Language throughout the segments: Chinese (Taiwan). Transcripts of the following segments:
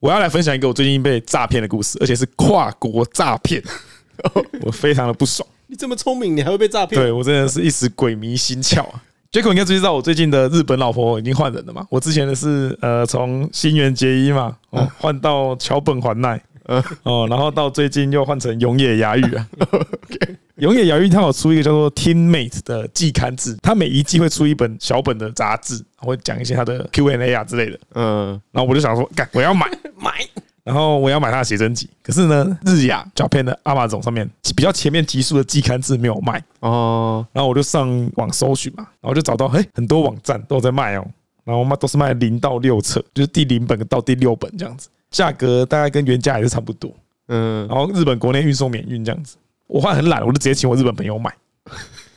我要來分享一個我最近被詐騙的故事，而且是跨國詐騙，我非常的不爽 。你這麼聰明，你還會被詐騙？對我真的是一時鬼迷心竅啊！結果，你應該知道我最近的日本老婆已經換人了嘛？我之前的是呃從新垣結衣嘛，換到橋本環奈。 哦，然後到最近又換成永野雅裕啊、 okay。永野雅裕他有出一個叫做《Teammate》的季刊誌，他每一季會出一本小本的雜誌，會講一些他的 Q&A 啊之類的。嗯，然後我就想說，幹我要買買，然後我要買他的寫真集。可是呢，日亞角片的 Amazon 上面比較前面集數的季刊誌沒有賣哦。然後我就上網搜尋嘛，然後就找到嘿、欸，很多網站都有在賣哦、喔。然後我們都是賣零到六冊，就是第零本到第六本這樣子。價格大概跟原價也是差不多，嗯，然後日本國內運送免運這樣子。我話很懶，我就直接請我日本朋友買。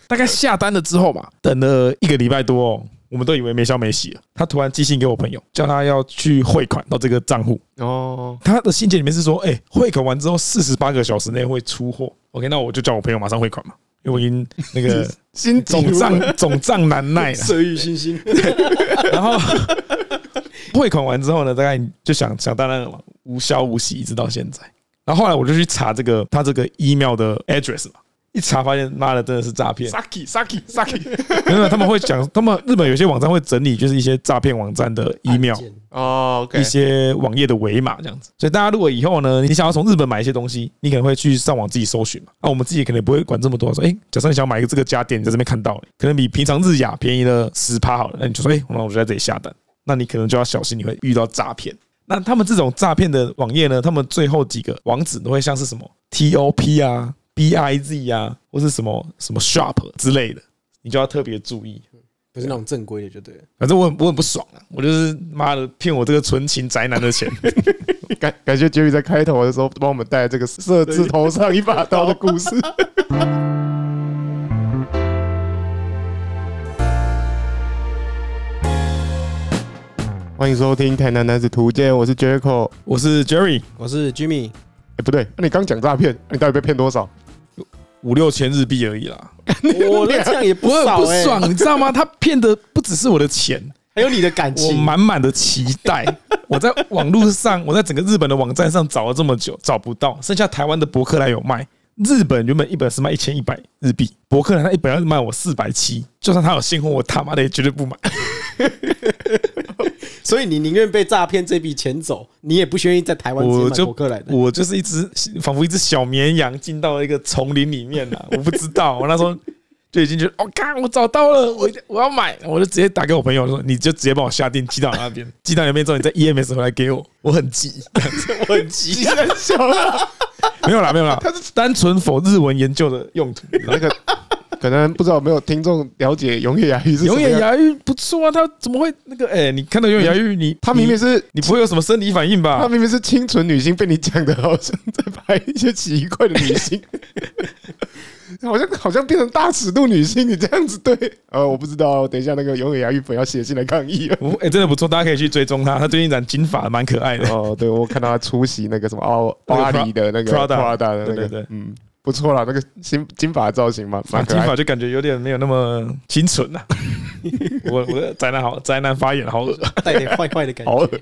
大概下單了之後嘛，等了一個禮拜多，哦。我們都以為沒消沒息了。他突然寄信給我朋友，叫他要去匯款到這個賬戶。哦，他的信件裡面是說，哎，匯款完之後四十八個小時內會出貨。OK，那我就叫我朋友馬上匯款嘛，因為我已經那個總賬總賬難耐了，色慾薰心。然後。匯款完之後呢，大概就想想當然無消無息，一直到現在。然後後來我就去查這個他這個 email 的 address 一查發現媽的真的是詐騙。suki suki suki 他們會講，他們日本有些網站會整理就是一些詐騙網站的 email 哦，一些網頁的尾碼這樣子。所以大家如果以後呢，你想要從日本買一些東西，你可能會去上網自己搜尋嘛、啊。那我們自己也可能不會管這麼多，說誒、欸、假設你想買一個這個家電，在這邊看到、欸、可能比平常日亞便宜了十趴好了，那你就說哎，那我就在這裡下單。那你可能就要小心，你會遇到詐騙。那他們這種詐騙的網頁呢，他們最後幾個網址都會像是什麼 T O P 啊、B I Z 啊，或是什麼什麼 S H O P 之類的，你就要特別注意，不是那種正規的就對了。反正我很我很不爽啊，我就是媽的騙我這個純情宅男的錢 感。感感謝杰宇在開頭的時候幫我們帶來這個“色字頭上一把刀”的故事。 歡迎收聽《台南男子圖鑑》，我是 Jericho，我是 Jerry，我是 Jimmy。哎，不對，你剛講詐騙，你到底被騙多少？五六千日幣而已啦。我這樣也不會、欸、不爽，你知道嗎？他騙的不只是我的錢，還有你的感情。我滿滿的期待。 我在網絡上，我在整個日本的網站上找了這麼久，找不到，剩下台灣的博客來有賣。日本原本一本是賣一千一百日幣，博客來他一本要賣我四百七，就算他有新貨，我他媽的也絕對不買。 所以你寧願被詐騙這筆錢走，你也不願意在台灣我就，我就是一只，仿佛一只小綿羊進到了一個叢林裡面了、啊。我不知道，我那時候就已經覺得，我靠，我找到了，我我要買，我就直接打給我朋友說，說你就直接幫我下訂，寄到那邊，寄到那邊之後，你再 EMS 回來給我。我很急 我很急，笑了很小。辣笑沒有啦，沒有啦。它是單純 for 日文研究的用途你那個。可能不知道有沒有聽眾了解永遠牙玉？永遠牙玉不錯啊，他怎麼會那個？哎、欸，你看到永遠牙玉，你他明明是，你不會有什麼生理反應吧？他明明是清純女星，被你講的好像在拍一些奇怪的女星，欸、好像好像變成大尺度女星，你這樣子對？呃，我不知道、啊，等一下那個永遠牙玉粉要寫信來抗議啊！哎，真的不錯，大家可以去追蹤他，他最近染金髮，蠻可愛的哦。對，我看到他出席那個什麼哦，巴黎的那個、那個、p r 的那個，對對對對嗯。不錯啦，那個金金髮造型嘛，金髮就感覺有點沒有那麼清純吶、啊。 我我宅男好宅男發言好惡，帶點壞壞的感覺。好惡。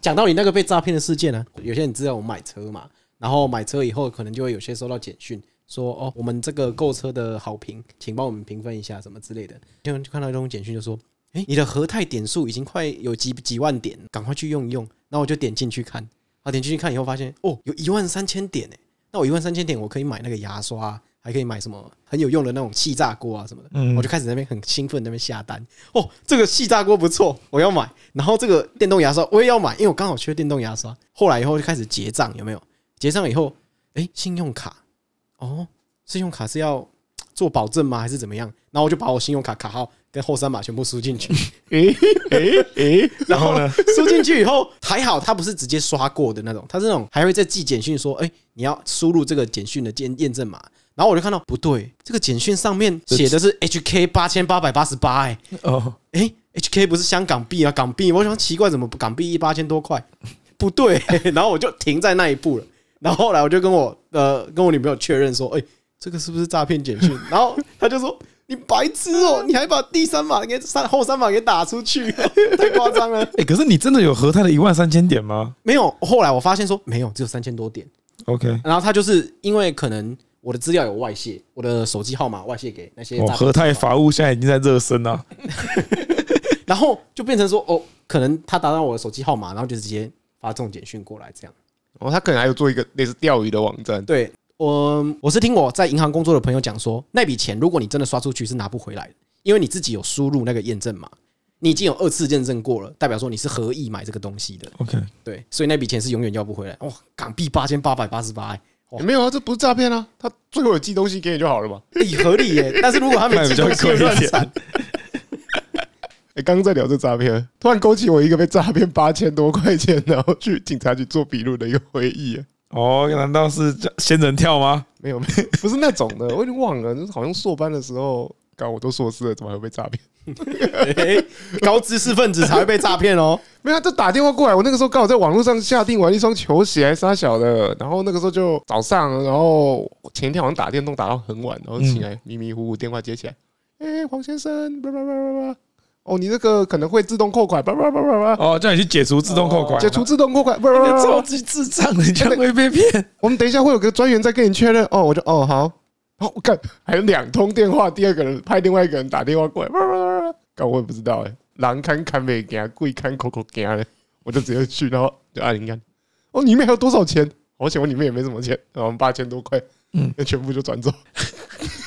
講到你那個被詐騙的事件呢、啊，有些人知道我買車嘛，然後買車以後可能就會有些收到簡訊說，哦，我們這個購車的好評，請幫我們評分一下什麼之類的。就看到這種簡訊就說，哎，你的和泰點數已經快有幾幾萬點，趕快去用一用。然後我就點進去看，啊，點進去看以後發現，哦，有一萬三千點哎、欸。那我一萬三千點，我可以買那個牙刷，還可以買什麼很有用的那種氣炸鍋啊什麼的。我就開始在那邊很興奮，在那邊下單。哦，這個氣炸鍋不錯，我要買。然後這個電動牙刷我也要買，因為我剛好缺電動牙刷。後來以後就開始結賬，有沒有？結賬以後，欸，誒信用卡，哦，信用卡是要做保證嗎？還是怎麼樣？然後我就把我信用卡卡號。跟後三碼全部輸進去，哎哎哎，然後呢，輸進去以後還好，他不是直接刷過的那種，他這種還會再寄簡訊說，哎，你要輸入這個簡訊的驗驗證碼。然後我就看到不對，這個簡訊上面寫的是 HK 八千八百八十八。哎哦，哎 HK 不是香港幣啊，港幣，我想奇怪怎麼港幣一八千多塊？不對，欸，然後我就停在那一步了，然後後來我就跟我呃跟我女朋友確認說，哎，這個是不是詐騙簡訊？然後他就說。你白痴哦！你還把第三碼給三後三碼給打出去，太誇張了。哎，可是你真的有和泰的一萬三千點嗎？沒有。後來我發現說沒有，只有三千多點。OK。然後他就是因為可能我的資料有外泄，我的手機號碼外泄給那些。我和泰法務現在已經在熱身了。然後就變成說哦，可能他打到我的手機號碼，然後就直接發這種簡訊過來這樣。哦，他可能還有做一個類似釣魚的網站。對。我我是聽我在銀行工作的朋友講說，那筆錢如果你真的刷出去是拿不回來的，因為你自己有輸入那個驗證嘛，你已經有二次驗證過了，代表說你是合意買這個東西的。OK，對，所以那筆錢是永遠要不回來。哇，港幣八千八百八十八，哎，沒有啊，這不是詐騙啊，他最後有寄東西給你就好了嘛。欸，也合理耶。欸，但是如果他沒寄東西，亂散。哎，剛剛在聊這詐騙，突然勾起我一個被詐騙八千多塊錢，然後去警察局做筆錄的一個回憶、欸。哦，難道是仙人跳嗎？沒有，沒有，不是那種的，我已經忘了。就是好像碩班的時候，剛我都碩士了，怎麼還會被詐騙、欸？高知識分子才會被詐騙哦。沒有，就打電話過來，我那個時候剛好在網絡上下定完一雙球鞋，還殺小的。然後那個時候就早上，然後前天好像打電動打到很晚，然後醒來、嗯、迷迷糊糊，電話接起來，哎、欸，黃先生，不不不不不哦，你這個可能會自動扣款，叭叭叭叭叭。哦，叫你去解除自動扣款，哦、解除自動扣款，不、哦、是超級智障的、嗯，你這樣會被騙。我們等一下會有個專員再跟你確認。哦，我就哦好，好，我、哦、看還有兩通電話，第二個人派另外一個人打電話過來，不不不搞我也不知道哎、欸，狼看看沒驚，鬼看口口驚嘞。我就直接去，然後就按一按。哦，裡面還有多少錢？我、哦、想我裡面也沒什麼錢，我、哦、們八千多塊，嗯，全部就轉走。嗯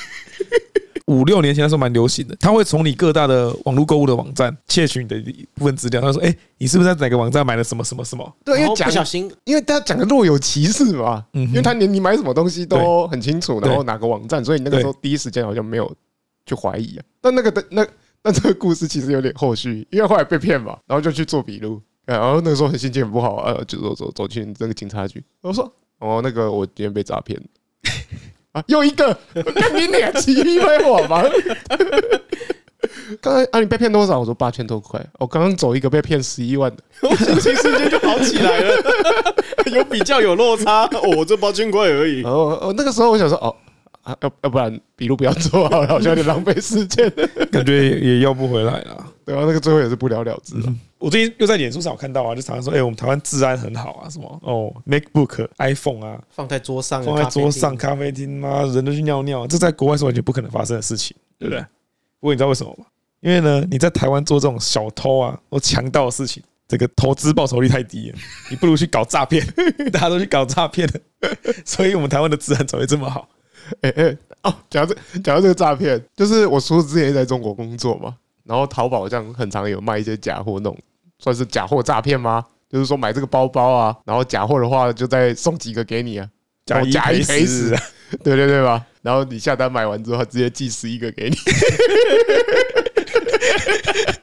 五六年前的時候蠻流行的，他會從你各大的網絡購物的網站竊取你的一部分資料。他說：“哎，你是不是在哪個網站買了什麼什麼什麼？”對，因為不小心，因為他講的若有其事嘛，因為他連你買什麼東西都很清楚，然後哪個網站，所以你那個時候第一時間好像沒有去懷疑啊。但那個的那，但這個故事其實有點後續，因為後來被騙嘛，然後就去做筆錄，然後那個時候很心情很不好啊，就走走走進這個警察局，我說：“哦，那個我今天被詐騙了。”啊、又一個，跟你臉欺騙我嗎？剛 才啊，你被騙多少？我說八千多塊。我剛剛走一個被騙十一萬的，心情瞬間就好起來了。有比較，有落差。哦、我這八千塊而已。哦哦，那個時候我想說哦。啊，要要不然筆錄不要做好了，好像有點浪費時間，感覺也要不回來了。對啊，那個最後也是不了了之了。我最近又在臉書上我看到啊，就常常說，哎，我們台灣治安很好啊，什麼哦、oh，MacBook、iPhone 啊，放在桌上、啊，放在桌上咖、啊，咖啡廳，啊，人都去尿尿、啊，這在國外是完全不可能發生的事情，對不對？不過你知道為什麼嗎？因為呢，你在台灣做這種小偷啊、或強盜的事情，這個投資報酬率太低，你不如去搞詐騙， 大家都去搞詐騙，所以我們台灣的治安怎麼會這麼好？哎、欸、哎哦，講到這，講到這個詐騙，就是我叔之前在中國工作嘛，然後淘寶好像很常有賣一些假貨，那種算是假貨詐騙嗎？就是說買這個包包啊，然後假貨的話就再送幾個給你啊，假一賠十，對對對吧？然後你下單買完之後，他直接寄十一個給你。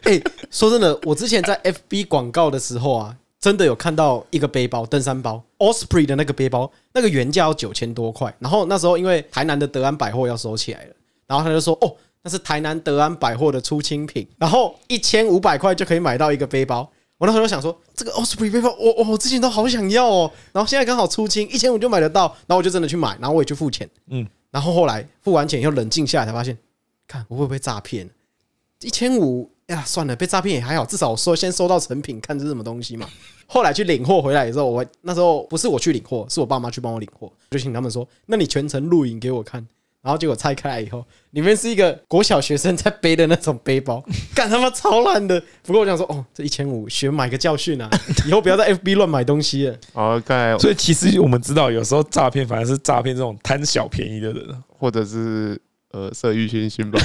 哎、欸，說真的，我之前在 FB 廣告的時候啊。真的有看到一個背包，登山包，Osprey 的那個背包，那個原價要九千多塊。然後那時候因為台南的德安百貨要收起來了，然後他就說：“哦，那是台南德安百貨的出清品，然後一千五百塊就可以買到一個背包。”我那時候想說，這個 Osprey 背包，我我我之前都好想要哦，然後現在剛好出清，一千五就買得到，然後我就真的去買，然後我也去付錢，嗯，然後後來付完錢又冷靜下來，才發現，看我會不會詐騙？一千五。哎呀，算了，被詐騙也還好，至少說先收到成品，看是什麼東西嘛。後來去領貨回來以後，我那時候不是我去領貨，是我爸媽去幫我領貨，就請他們說：“那你全程錄影給我看。”然後結果拆開來以後，裡面是一個國小學生在背的那種背包，幹他媽超爛的。不過我想說，哦，這一千五學買個教訓啊，以後不要在 FB 亂買東西了。好，OK。所以其實我們知道，有時候詐騙反而是詐騙這種貪小便宜的人，或者是。呃，色欲熏心吧，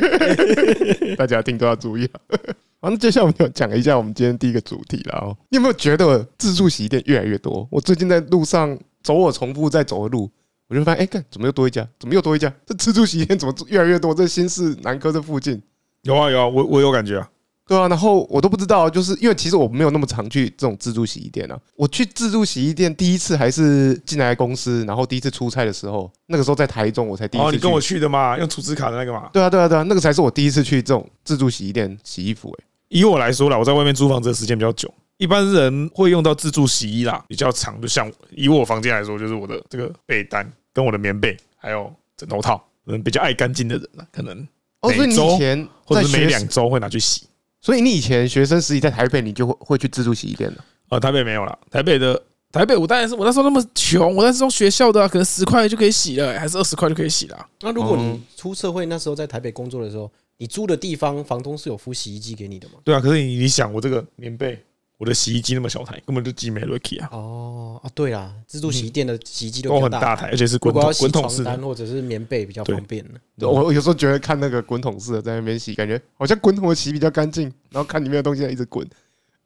大家一定都要注意啊 。好，那接下來我們要講一下我們今天第一個主題了哦。你有沒有覺得自助洗衣店越來越多？我最近在路上走我重複在走的路，我就發現哎，看、欸、怎麼又多一家，怎麼又多一家？這自助洗衣店怎麼越來越多？這新市南科這附近有啊有啊，我我有感覺啊。對啊，然後我都不知道，就是因為其實我沒有那麼常去這種自助洗衣店啊。我去自助洗衣店第一次還是進來公司，然後第一次出差的時候，那個時候在台中，我才第一次。你跟我去的嘛，用儲值卡的那個嘛。對啊，對啊，對啊，那個才是我第一次去這種自助洗衣店洗衣服。誒，以我來說啦，我在外面租房子的時間比較久，一般人會用到自助洗衣啦，比較長。就像我以我房間來說，就是我的這個被單跟我的棉被，還有枕頭套，嗯，比較愛乾淨的人啦，可能哦，所以你以前每週或者是每兩週會拿去洗。所以你以前學生時期在台北，你就會會去自助洗衣店的。啊、呃，台北沒有了。台北的台北，我當然是我那時候那麼窮，我那時候學校的、啊、可能十塊就可以洗了、欸，還是二十塊就可以洗了、啊。嗯、那如果你出社會，那時候在台北工作的時候，你租的地方房東是有付洗衣機給你的嗎？嗯、對啊，可是你你想，我這個棉被。我的洗衣機那麼小台，根本就擠沒落去啊！哦、啊、對啦，自助洗衣店的洗衣機、嗯、都很大台，而且是滾筒式。床單或者是棉被比較方便。我有時候覺得看那個滾筒式的在那邊洗，感覺好像滾筒的洗比較乾淨，然後看裡面的東西在一直滾。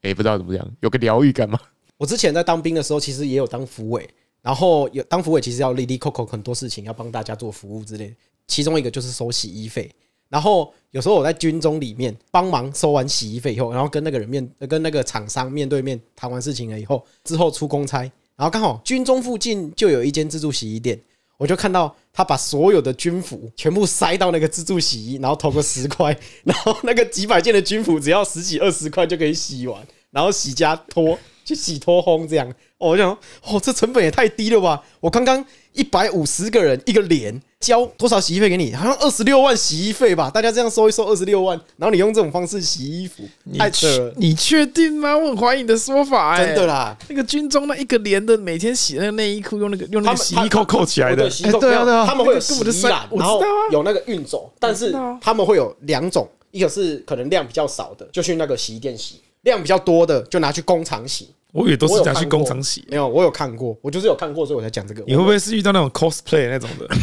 哎、欸，不知道怎麼樣，有個療癒感嗎？我之前在當兵的時候，其實也有當輔委，然後有當輔委，其實要立立扣扣很多事情，要幫大家做服務之類的。其中一個就是收洗衣費。然後有時候我在軍中裡面幫忙收完洗衣費以後，然後跟那個人面跟那個廠商面對面談完事情了以後，之後出公差，然後剛好軍中附近就有一間自助洗衣店，我就看到他把所有的軍服全部塞到那個自助洗衣，然後投個十塊，然後那個幾百件的軍服只要十幾二十塊就可以洗完，然後洗加脫，去洗脫烘這樣，我就想說哦，這成本也太低了吧！我剛剛一百五十個人一個連。交多少洗衣費給你？好像二十六萬洗衣費吧？大家這樣收一收二十六萬，然後你用這種方式洗衣服，太扯！你確定嗎？我很懷疑你的說法、欸，真的啦。那個軍中那一個連的，每天洗那個內衣褲，用那個用那個洗衣扣扣起來的對、欸，對啊對啊，他們會洗啊，然後有那個運走，但是他們會有兩種，一個是可能量比較少的，就去、是、那個洗衣店洗；量比較多的，就拿去工廠洗。我以為都是講去工廠洗，沒有，我有看過，我就是有看過，所以我才講這個。你會不會是遇到那種 cosplay 那種的？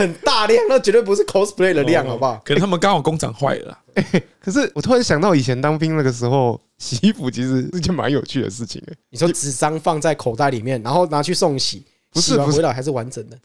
很大量，那絕對不是 cosplay 的量，好不好？哦、可能他們剛好工廠壞了、欸欸。可是我突然想到以前當兵那個時候，洗衣服其實是一件蠻有趣的事情、欸、你說紙張放在口袋裡面，然後拿去送洗，不是、不是，洗完回來還是完整的。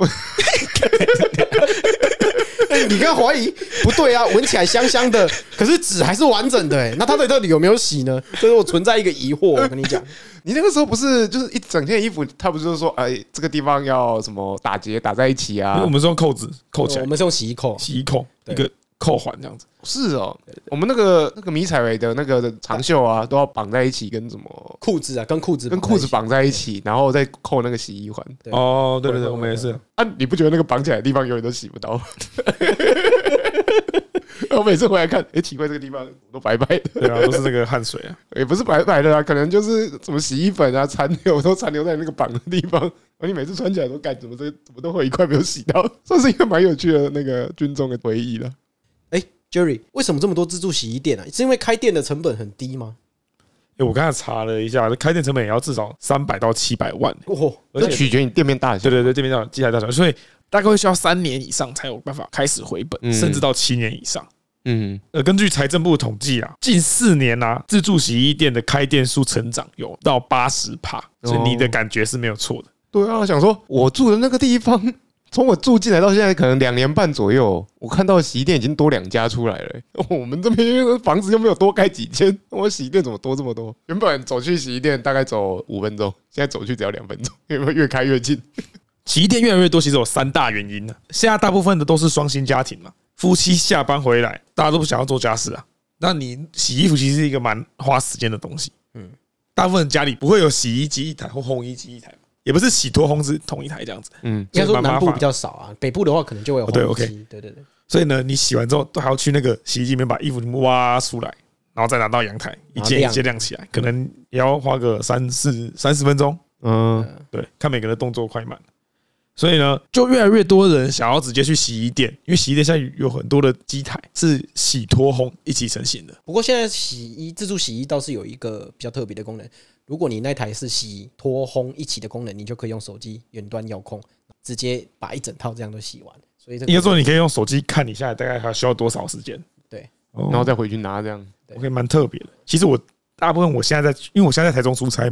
你剛懷疑不對啊，聞起來香香的，可是紙還是完整的、欸、那他到底有沒有洗呢？所以我存在一個疑惑，我跟你講，你那個時候不是就是一整件衣服，他不是說哎這個地方要什麼打結打在一起啊？因為我們是用扣子扣起來，我們是用洗衣扣，洗衣扣一個。扣環這樣子是哦、喔，我們那個那個迷彩服的那個長袖啊，都要綁在一起，跟什麼褲子啊，跟褲子跟褲子綁在一起，然後再扣那個洗衣環。哦，對對對，對，我們也是啊，啊。你不覺得那個綁起來的地方永遠都洗不到？我每次回來看，哎，奇怪這個地方都白白的，對啊，都是這個汗水啊，也不是白白的啊，可能就是什麼洗衣粉啊，殘留都殘留在那個綁的地方。而你每次穿起來都幹，什麼這怎麼都會一塊沒有洗到。算是一個蠻有趣的那個軍中的回憶了。Jerry, 為什麼這麼多自助洗衣店，啊、是因為開店的成本很低嗎？欸、我剛才查了一下，開店成本也要至少三百到七百萬，欸，哦，而且這取決你店面大小，對對對，店面大小、機台大小，所以大概會需要三年以上才有辦法開始回本，嗯，甚至到七年以上。嗯，呃，根據財政部統計啊，近四年啊，自助洗衣店的開店數成長有到八十趴，所以你的感覺是沒有錯的。哦。對啊，想說我住的那個地方。從我住進來到現在可能兩年半左右，我看到洗衣店已經多兩家出來了、欸。我們這邊房子又沒有多蓋幾間，我洗衣店怎麼多這麼多？原本走去洗衣店大概走五分鐘，現在走去只要兩分鐘，有沒有越開越近？洗衣店越來越多，其實有三大原因呢？現在大部分的都是雙薪家庭嘛，夫妻下班回來，大家都不想要做家事啊。那你洗衣服其實是一個蠻花時間的東西，嗯，大部分的家裡不會有洗衣機一台或烘衣機一台也不是洗脫烘是同一台這樣子，嗯，應該說南部比較少啊，北部的話可能就會有烘機，對，OK，對對對、對。所以呢，你洗完之後都還要去那個洗衣機裡面把衣服全部挖出來，然後再拿到陽台一件一件晾起來，可能也要花個三四三十分鐘，嗯，對，看每個人的動作快慢。所以呢，就越來越多人想要直接去洗衣店，因為洗衣店現在有很多的機台是洗脫烘一起成型的。不過現在洗衣自助洗衣倒是有一個比較特別的功能。如果你那台是洗脫烘一起的功能，你就可以用手機遠端遙控，直接把一整套這樣都洗完。所以應該說你可以用手機看你下來大概還需要多少時間，對，然後再回去拿這樣對、哦、對，OK，蠻特別的。其實我大部分我現在在，因為我現在在台中出差，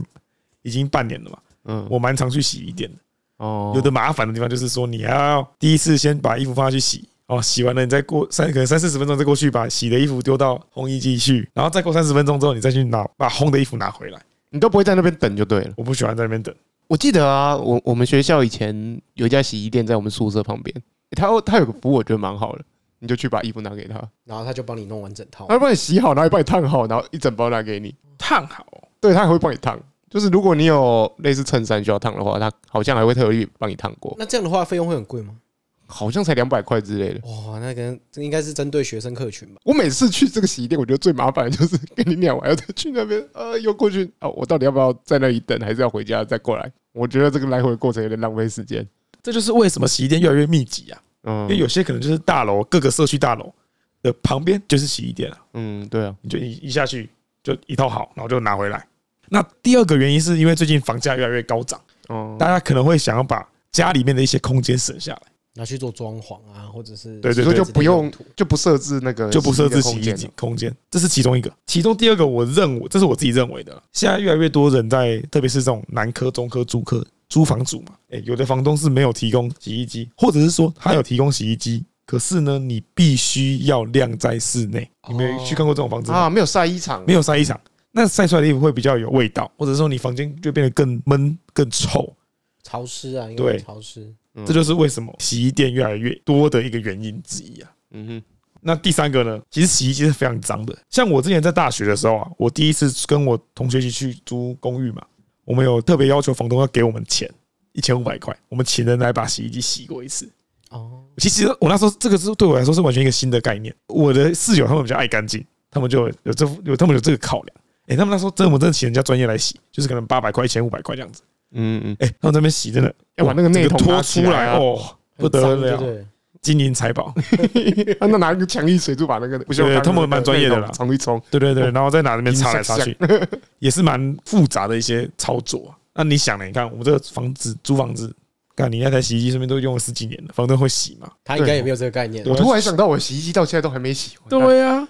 已經半年了嘛，嗯，我蠻常去洗一點的。哦，有的麻煩的地方就是說，你還要第一次先把衣服放下去洗，哦，洗完了你再過三可能三四十分鐘再過去把洗的衣服丟到烘衣機去，然後再過三十分鐘之後你再去拿把烘的衣服拿回來。你都不會在那邊等就對了。我不喜歡在那邊等。我記得啊，我我們學校以前有一家洗衣店在我們宿舍旁邊。欸、他他有個服務，我覺得蠻好的。你就去把衣服拿給他，然後他就幫你弄完整套。他幫你洗好，然後幫你燙好，然後一整包拿給你。燙好，對，他還會幫你燙。就是如果你有類似襯衫需要燙的話，他好像還會特意幫你燙過。那這樣的話，費用會很貴嗎？好像才兩百塊之類的、哦，哇，那個這應該是針對學生客群吧。我每次去這個洗衣店，我覺得最麻煩的就是跟你念完，要再去那邊，呃，又過去啊、哦，我到底要不要在那裡等，還是要回家再過來？我覺得這個來回的過程有點浪費時間。這就是為什麼洗衣店越來越密集啊，嗯、因為有些可能就是大樓各個社區大樓的旁邊就是洗衣店啊。嗯，對啊，你就一一下去就一套好，然後就拿回來。那第二個原因是因為最近房價越來越高漲，哦、嗯，大家可能會想要把家裡面的一些空間省下來。拿去做裝潢啊，或者是，所以對對對對，就不用，就不設置那個，就不設置洗衣機空間，這是其中一個。其中第二個，我認為，這是我自己認為的。現在越來越多人在，特別是這種南科、中科、租客、租房主嘛，哎，有的房東是沒有提供洗衣機，或者是說他有提供洗衣機，可是呢，你必須要晾在室內。你沒有去看過這種房子嗎、哦、啊？沒有曬衣場，沒有曬衣場，那曬出來的衣服會比較有味道，或者是說你房間就變得更悶、更臭、潮濕啊，濕對，潮濕。嗯、這就是為什麼洗衣店越來越多的一個原因之一啊。嗯哼，那第三個呢？其實洗衣機是非常髒的。像我之前在大學的時候啊，我第一次跟我同學一起去租公寓嘛，我們有特別要求房東要給我們錢一千五百塊，我們請人來把洗衣機洗過一次。哦，其實我那時候這個是對我來說是完全一個新的概念。我的室友他們比較愛乾淨，他們就有這有他們有這個考量。哎、欸，他們那時候真的，我們真的請人家專業來洗，就是可能八百塊、一千五百塊這樣子。嗯嗯，哎，他們在那邊洗真的要把那個內桶拖出來哦、喔，不得了，金銀財寶。那拿一個強力水柱把那個，對，對， 他們蠻專業的啦，沖一沖，對對對，然後再拿那邊擦來擦去，也是蠻複雜的一些操作、啊。那你想呢？你看我們這個房子租房子。那你那台洗衣機是不是都用了十幾年了，房東會洗嗎？他應該也沒有這個概念。我突然想到，我洗衣機到現在都還沒洗。對呀，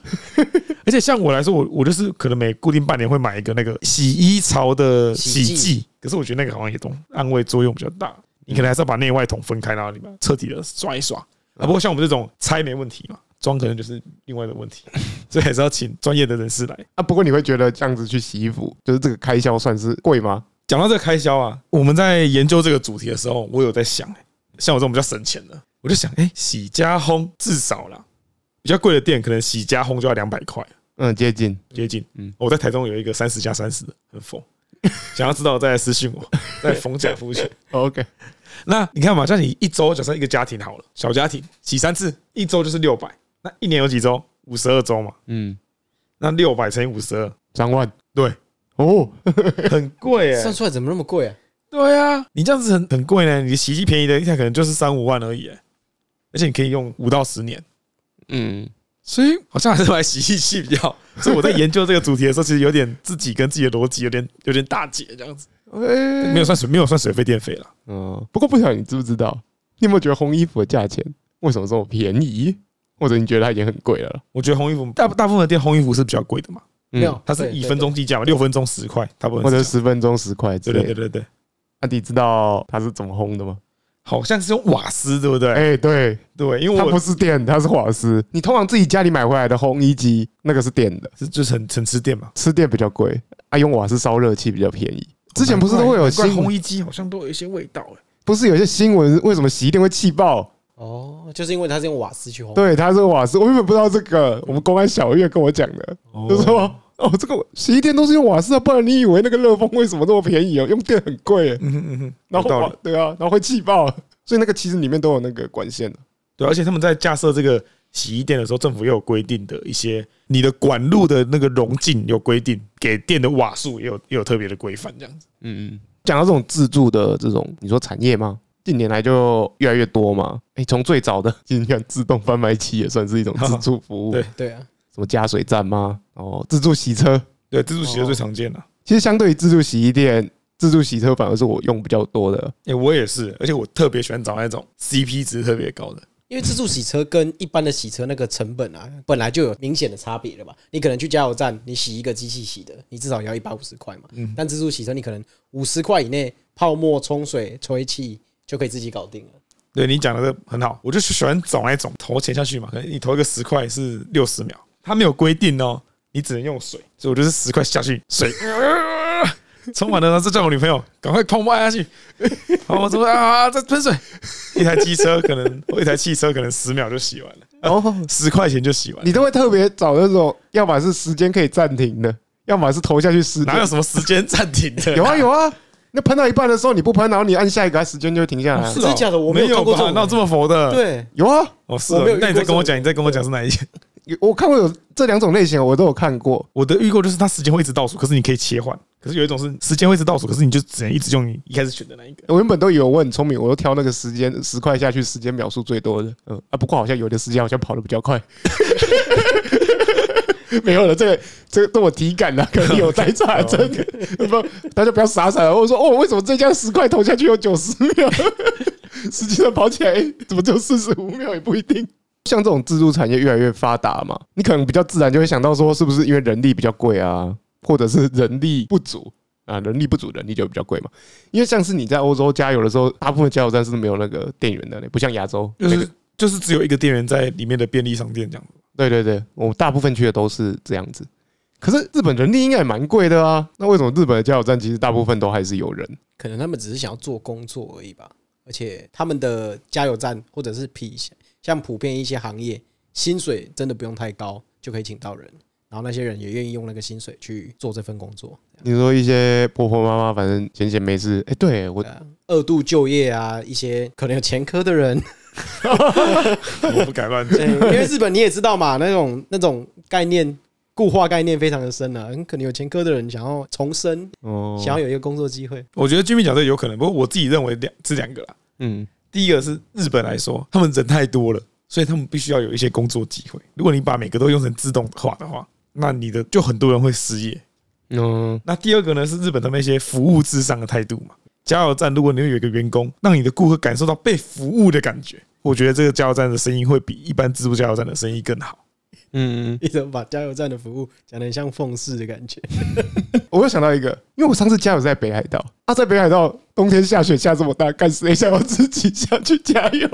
而且像我來說，我我就是可能每固定半年會買一個那個洗衣槽的洗劑，可是我覺得那個好像也懂安慰作用比較大。你可能還是要把內外桶分開，然後你們徹底的刷一刷。啊，不過像我們這種拆沒問題嘛，裝可能就是另外的問題，所以還是要請專業的人士來啊。不過你會覺得這樣子去洗衣服，就是這個開銷算是貴嗎？講到這個開銷啊，我們在研究這個主題的時候，我有在想，欸，像我這種比較省錢的，我就想，哎，洗加烘至少啦，比較貴的店可能洗加烘就要兩百塊，嗯，接近接近，嗯，我在台中有一個三十加三十的，很瘋，想要知道再來私信我，再逢甲夫去 ，OK。那你看嘛，像你一周假設一個家庭好了，小家庭洗三次，一周就是六百，那一年有幾周？五十二周嘛，嗯，那六百乘以五十二，三萬，對。哦、oh， 很貴啊，算出來怎麼那麼貴啊？對啊，你這樣子很很貴呢。你洗衣機便宜的一台可能就是三五萬而已，欸，而且你可以用五到十年。嗯，所以好像還是買洗衣機比較好。所以我在研究這個主題的時候，其實有點自己跟自己的邏輯有點有點打結這樣子。沒有算水，沒有算水費電費了。嗯，不過不曉得你知不知道？你有沒有覺得烘衣服的價錢為什麼這麼便宜？或者你覺得它已經很貴了？我覺得烘衣服大大部分的店烘衣服是比較貴的嘛。沒有，它是以分鐘計價，六分鐘十塊，差不多或者十分鐘十塊，對對對對對、對。那、啊、你知道它是怎麼烘的嗎？好像是用瓦斯，對不對？哎、欸，對對，因為我它不是電，它是瓦斯。你通常自己家裡買回來的烘衣機，那個是電的，是就是很、很吃電嘛，吃電比較貴。啊用瓦斯燒熱氣比較便宜。之前不是都會有新聞，oh, 烘衣機好像都有一些味道、欸，不是有些新聞，為什麼洗衣店會氣爆？哦、oh,，就是因為它是用瓦斯去烘，對，它是用瓦斯，我根本不知道這個。我們公安小月跟我講的，oh. 就是說哦，這個洗衣店都是用瓦斯、啊，不然你以為那個熱風為什麼這麼便宜哦，用電很貴，嗯嗯嗯，然後好對啊，然後會氣爆，所以那個其實裡面都有那個管線的，對。而且他們在架設這個洗衣店的時候，政府又有規定的一些，你的管路的那個容徑有規定，給電的瓦數也有也有特別的規範，這樣子。嗯嗯，講到這種自助的這種，你說產業嗎？近年來就越來越多嘛，哎，從最早的就像自動販賣機也算是一種自助服務、哦，對對啊，什麼加水站嗎？哦，自助洗車，對，自助洗車最常見了、哦。其實相對於自助洗衣店，自助洗車反而是我用比較多的。哎，我也是，而且我特別喜歡找那種 CP 值特別高的，因為自助洗車跟一般的洗車那個成本啊，本來就有明顯的差別了吧？你可能去加油站，你洗一個機器洗的，你至少要一百五十塊嘛，但自助洗車你可能五十塊以內，泡沫、沖水、吹氣。就可以自己搞定了對。對你講的這很好，我就喜歡總來總投錢下去嘛。可能你投一個十塊是六十秒，他沒有規定哦、喔，你只能用水，所以我就是十塊下去水，充 滿、呃、了，再叫我女朋友趕快泡沫下去，哦，沫怎麼啊？在噴水， 一台機車可能，一台汽車可能十秒就洗完了，哦、啊，十、oh, 塊錢就洗完了。你都會特別找那種，要麼是時間可以暫停的，要麼是投下去時間。哪有什麼時間暫停的、啊？ 有啊，有啊。那噴到一半的時候你不噴，然後你按下一個，時間就會停下來。是，是假的，我沒有看過這，那這麼佛的？對，有啊，哦是啊、哦。那你再跟我講，你再跟我講是哪一件？有我看過有這兩種類型，我都有看過。 我的預購就是它時間會一直倒數，可是你可以切換。可是有一種是時間會一直倒數，可是你就只能一直用你一開始選的那一個。我原本都以為我很聰明，我都挑那個時間十塊下去時間秒數最多的。嗯啊，不過好像有的時間好像跑得比較快。 沒有了，這個這個對我體感啦，肯定有在差，真的不，大家不要傻傻的。我說哦，為什麼這家十塊投下去有九十秒， 實際上跑起來，欸，怎麼就四十五秒也不一定。像這種自助產業越來越發達嘛，你可能比較自然就會想到說，是不是因為人力比較貴啊，或者是人力不足啊？人力不足，人力就比較貴嘛。因為像是你在歐洲加油的時候，大部分加油站是沒有那個電源的，不像亞洲，就是、那個、就是只有一個電源在裡面的便利商店這樣。對對對，我大部分去的都是這樣子。可是日本人力應該也蠻貴的啊，那為什麼日本的加油站其實大部分都還是有人？可能他們只是想要做工作而已吧。而且他們的加油站或者是批像普遍一些行業，薪水真的不用太高就可以請到人，然後那些人也願意用那個薪水去做這份工作。你說一些婆婆媽媽，反正閒閒沒事，哎、欸，對我、啊、二度就業啊，一些可能有前科的人。我 不敢亂講、 嗯，因為日本你也知道嘛，那種那種概念固化概念非常的深了，啊。很可能有前科的人想要重生，哦、想要有一個工作機會。我覺得居民角度有可能，不過我自己認為兩是兩個啦。嗯，第一個是日本來說，他們人太多了，所以他們必須要有一些工作機會。如果你把每個都用成自動化的話，那你的就很多人會失業。嗯，那第二個呢是日本的那些服務至上的態度嘛。加油站，如果你有一個員工，讓你的顧客感受到被服務的感覺，我覺得這個加油站的生意會比一般自助加油站的生意更好。嗯，你怎麼把加油站的服務講得像奉仕的感覺？ 我又想到一個，因為我上次加油在北海道，啊，在北海道冬天下雪下這麼大，看誰想要我自己下去加油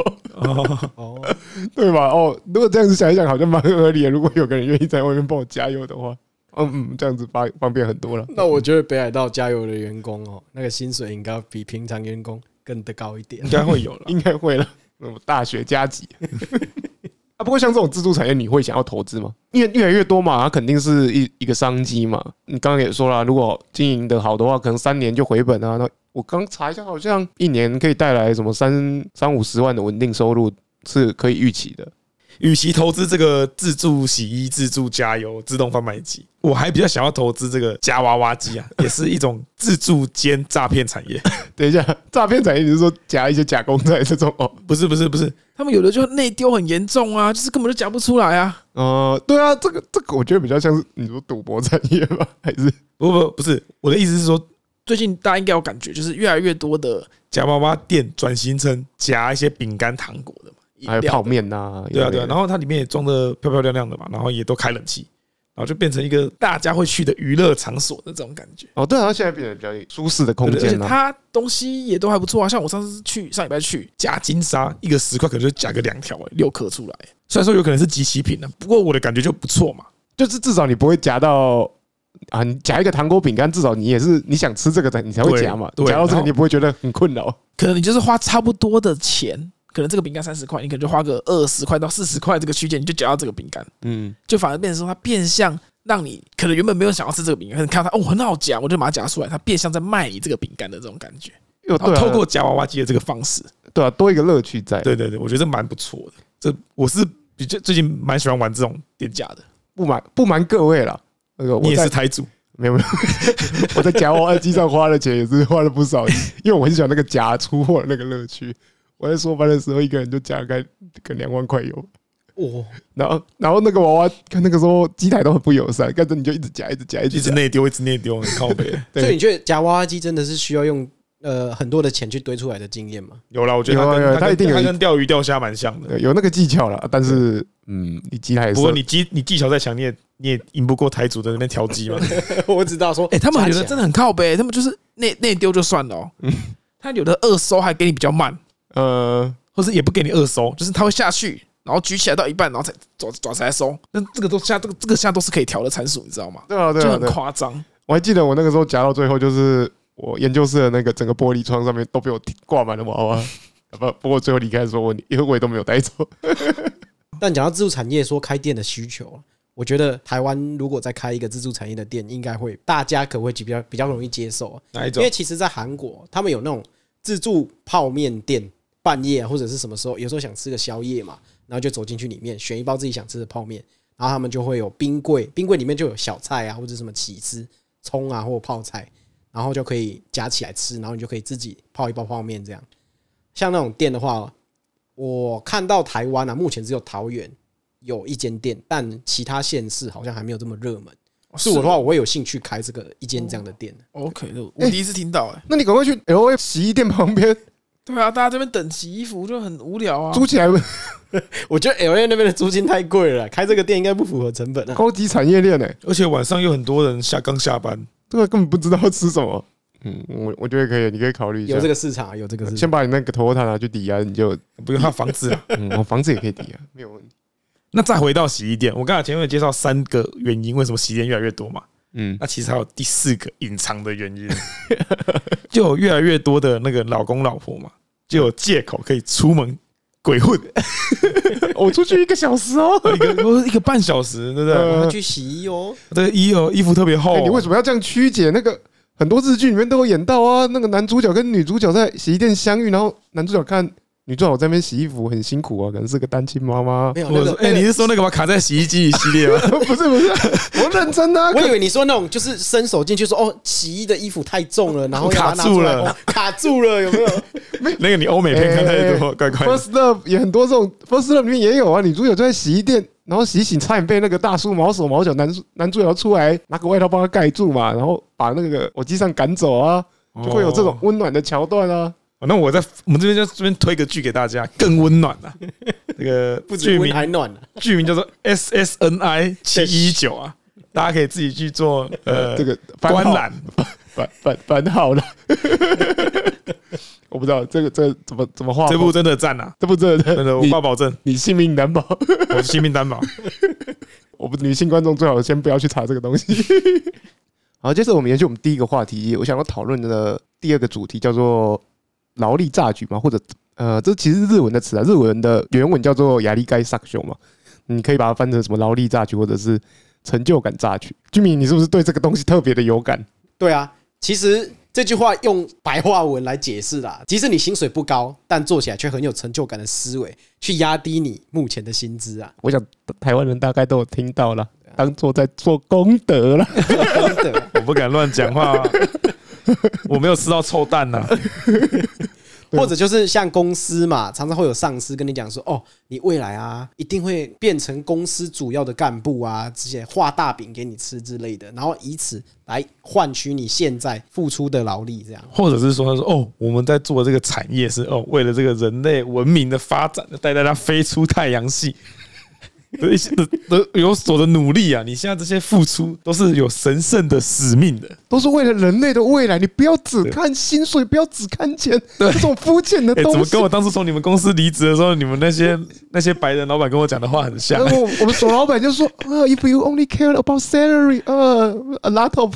哦 對吧？哦，如果這樣子想一想，好像蠻合理的。如果有個人願意在外面幫我加油的話。嗯嗯，這樣子方方便很多了。那我覺得北海道加油的員工哦、喔，那個薪水應該比平常員工更的高一點，應該會有了， 應該會了。那麼大學加急啊，啊，不過像這種自助產業，你會想要投資嗎？因為越越來越多嘛、啊，它肯定是一一個商機嘛。你剛剛也說了，如果經營的好的話，可能三年就回本啊。那我剛查一下，好像一年可以帶來什麼三三五十萬的穩定收入，是可以預期的。與其投資這個自助洗衣、自助加油、自動販賣機，我還比較想要投資這個夾娃娃機啊，也是一種自助兼詐騙產業 。等一下，詐騙產業就是說夾一些假公仔這種哦，不是不是不是，他們有的就內丟很嚴重啊，就是根本就夾不出來啊。哦，對啊，這個這個我覺得比較像是你說賭博產業吧，還是不不不，不是？我的意思是說，最近大家應該有感覺，就是越來越多的夾娃娃店轉型成夾一些餅乾糖果的。還有泡麵吶，對啊對啊，啊、然後它裡面也裝的漂漂亮亮的嘛，然後也都開冷氣，然後就變成一個大家會去的娛樂場所的這種感覺。哦，對啊，現在變得比較舒適的空間，而且它東西也都還不錯啊。像我上次去上禮拜去夾金莎，一個十塊可能就夾個兩條、欸、六顆出來。雖然說有可能是即期品的、啊，不過我的感覺就不錯嘛，就是至少你不會夾到啊，你夾一個糖果餅乾，至少你也是你想吃這個的，你才會夾嘛。夾到這個你不會覺得很困擾，可能你就是花差不多的錢。可能這個餅乾三十塊，你可能就花個二十塊到四十塊這個區間，你就夾到這個餅乾，嗯，就反而變成說它變相讓你可能原本沒有想要吃這個餅乾，可能看到它哦很好夾，我就把它夾出來，它變相在賣你這個餅乾的這種感覺。對啊，透過夾娃娃機的這個方式，對啊，多一個樂趣在。對對對，我覺得這蠻不錯的。這我是比較最近蠻喜歡玩這種店家的。不瞞不瞞各位啦，那個我也是台主，沒有沒有，我在夾娃娃機上花了錢也是花了不少，因為我很喜歡那個夾出貨那個樂趣。我在說牌的時候，一個人就夾開個兩萬塊油哦，然後然後那個娃娃，看那個時候機台都很不友善，看着你就一直夾，一直夾，一直內丟，一直內丟，很靠北。所以你覺得夾娃娃機真的是需要用呃很多的錢去堆出來的經驗嗎？有啦，我覺得他一定跟釣魚釣蝦蠻像的，有那個技巧啦，但是嗯，你機台我說你技你技巧再強，你也你也贏不過台主在那邊調機嘛。我知道說，誒他們還有是真的很靠北、欸，他們就是內內丟就算了、喔，他有的二收還給你比較慢。呃，或是也不給你二收，就是它會下去，然後舉起來到一半，然後再爪爪才來收。那這個都下這個這個下都是可以調的參數，你知道嗎？對啊，對啊，就很誇張。我還記得我那個時候夾到最後，就是我研究室的那個整個玻璃窗上面都被我掛滿了娃娃。不不過最後離開的時候，我一個鬼都沒有帶走 但講到自助產業，說開店的需求，我覺得台灣如果再開一個自助產業的店，應該會大家可會比較比較容易接受啊？因為其實，在韓國他們有那種自助泡麵店。半夜或者是什麼時候，有時候想吃個宵夜嘛，然後就走進去裡面選一包自己想吃的泡麵，然後他們就會有冰櫃，冰櫃裡面就有小菜啊，或者什麼起司、蔥啊，或者泡菜，然後就可以夾起來吃，然後你就可以自己泡一包泡麵這樣。像那種店的話，我看到台灣啊，目前只有桃園有一間店，但其他縣市好像還沒有這麼熱門哦。是哦。是我的話，我會有興趣開這個一間這樣的店。OK，我第一次聽到哎，那你趕快去 LA 洗衣店旁邊。對啊，大家這邊等洗衣服就很無聊啊。租起來，我覺得 LA 那邊的租金太貴了，開這個店應該不符合成本啊。高級產業鏈呢，而且晚上又很多人下剛下班，這個根本不知道吃什麼。嗯，我我覺得可以，你可以考慮一下。有這個市場，有這個市場。先把你那個頭、tota、套拿去抵押，你就不用他房子了。嗯，我房子也可以抵押，沒有問題。那再回到洗衣店，我剛才前面介紹三個原因，為什麼洗衣店越來越多嘛？嗯，那其實還有第四個隱藏的原因，就有越來越多的那個老公老婆嘛。就有借口可以出門鬼混， 我出去一個小時哦一，一個半小時，對不對？啊、我要去洗衣哦，對、哦，衣服衣服特別厚，哦欸，你為什麼要這樣曲解？那個很多日劇裡面都有演到啊，那個男主角跟女主角在洗衣店相遇，然後男主角看。你知道我在那邊洗衣服，很辛苦啊，可能是個單親媽媽。沒有，欸、你是說那個嗎？卡在洗衣機裡系列啊？ 不是，不是、啊，我認真的、啊。我以為你說那種就是伸手進去說哦，洗衣的衣服太重了，然後、哦、卡住了，卡住了，有沒有？那個你歐美片看太多，怪怪。First Love 也很多這種，First Love 裡面也有啊。女主角就在洗衣店，然後洗洗，差點被那個大叔毛手毛腳，男男主角出來拿個外套幫她蓋住嘛，然後把那個我機上趕走啊，就會有這種溫暖的橋段啊。喔、那我在我們這邊就隨便推個劇給大家，更溫暖了。那個劇名還暖了，劇名叫做《S S N I 七一九》啊，大家可以自己去做呃，呃這個觀覽，翻翻翻好了好。 我不知道這個這個、怎麼怎麼畫，這部真的讚啊，這部真的真的，無法保證你，你性命難保，我不是性命難保。我們女性觀眾最好先不要去查這個東西。 好，接着我們研究我們第一個話題，我想要討論的第二個主題叫做。勞力榨取嘛，或者呃，這其實是日文的詞啊，日文的原文叫做「やりがい搾取」嘛，你可以把它翻成什麼“勞力榨取”或者是“成就感榨取”。居民，你是不是對這個東西特別的有感？對啊，其實這句話用白話文來解釋啦，即使你薪水不高，但做起來卻很有成就感的思維，去壓低你目前的薪資啊。我想台灣人大概都有聽到了，當做在做功德了。 功德 我不敢亂講話、啊 我沒有吃到臭蛋呢、啊，或者就是像公司嘛，常常會有上司跟你講說：“哦，你未來啊，一定會變成公司主要的幹部啊，這些畫大餅給你吃之類的，然後以此來換取你現在付出的勞力。”這樣，或者是說，他說：“哦，我們在做這個產業是哦，為了這個人類文明的發展，帶大家飛出太陽系。”得的，的，的，有所的努力啊！你現在這些付出都是有神聖的使命的，都是為了人類的未來。你不要只看薪水，不要只看錢，對這種膚淺的東西，欸。怎麼跟我當初從你們公司離職的時候， 你們那些那些白人老闆跟我講的話很像？呃、我們我們所老闆就說：“ uh, if you only care about salary，呃、uh,，a lot of。”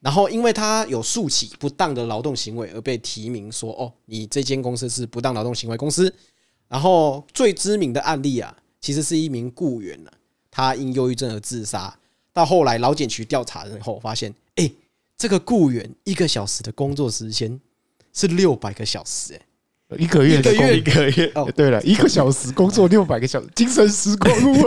然後，因為他有數起不當的勞動行為而被提名說，哦，你這間公司是不當勞動行為公司。然後最知名的案例啊，其實是一名僱員呢、啊，他因憂鬱症而自殺。到後來勞檢局調查之後，發現，誒，這個僱員一個小時的工作時間是六百個小時，誒。一個，月的工，一個月，一個月哦，對了，一個小時工作六百個小時，精神時光屋，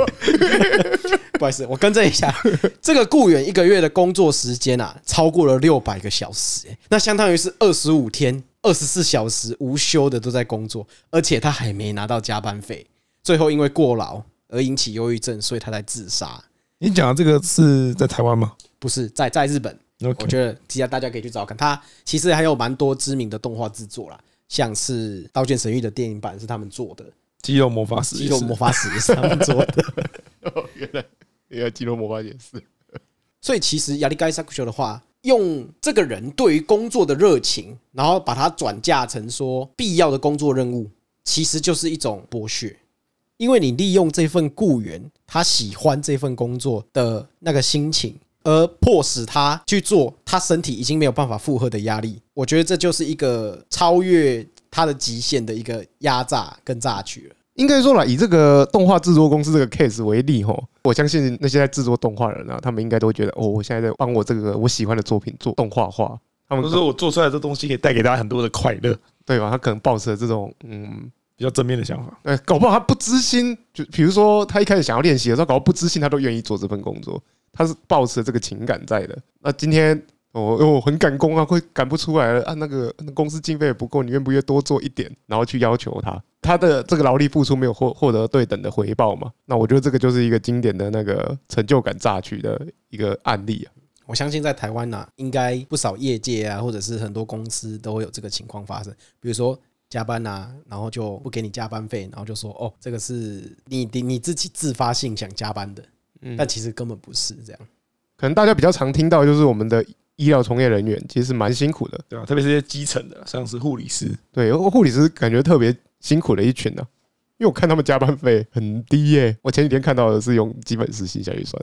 不好意思，我更正一下，這個雇員一個月的工作時間啊，超過了六百個小時，欸，那相當於是二十五天二十四小時無休的都在工作，而且他還沒拿到加班費，最後因為過勞而引起憂鬱症，所以他才自殺。你講的這個是在台灣嗎？不是，在在日本。我覺得其實大家可以去找看，他其實還有蠻多知名的動畫制作啦。像是《刀劍神域》的電影版是他們做的，哦《肌肉魔法使》，《肌肉魔法使也是他們做的、 哦。原來，原來《肌肉魔法也是。所以，其實やりがい搾取的話，用這個人對於工作的熱情，然後把它轉嫁成說必要的工作任務，其實就是一種剝削，因為你利用這份僱員他喜歡這份工作的那個心情，而迫使他去做他身體已經沒有辦法負荷的壓力。我覺得這就是一個超越他的極限的一個壓榨跟榨取了。應該說啦，以這個動畫製作公司這個 case 為例齁，我相信那些在製作動畫的人啊，他們應該都會覺得哦、喔，我現在在幫我這個我喜歡的作品做動畫化，他們都說我做出來的這東西可以帶給大家很多的快樂，對吧？他可能抱持了這種嗯比較正面的想法、欸。搞不好他不支薪，就比如說他一開始想要練習的時候，搞不好不支薪，他都願意做這份工作，他是抱持這個情感在的。那今天。哦，因、哦，我很趕工啊，會趕不出來了啊。那個那公司經費也不夠，你願不願多做一點，然後去要求他，他的這個勞力付出沒有獲獲得對等的回報嘛？那我覺得這個就是一個經典的那個成就感榨取的一個案例啊。我相信在台灣啊，應該不少業界啊，或者是很多公司都會有這個情況發生。比如說加班啊，然後就不給你加班費，然後就說，哦，這個是你你你自己自發性想加班的。嗯，但其實根本不是這樣。可能大家比較常聽到就是我們的。醫療從業人員其實蠻辛苦的，對啊，特別是些基層的，像是護理師，對，護理師感覺特別辛苦的一群呢、啊。因為我看他們加班費很低耶、欸，我前幾天看到的是用基本時薪下去算、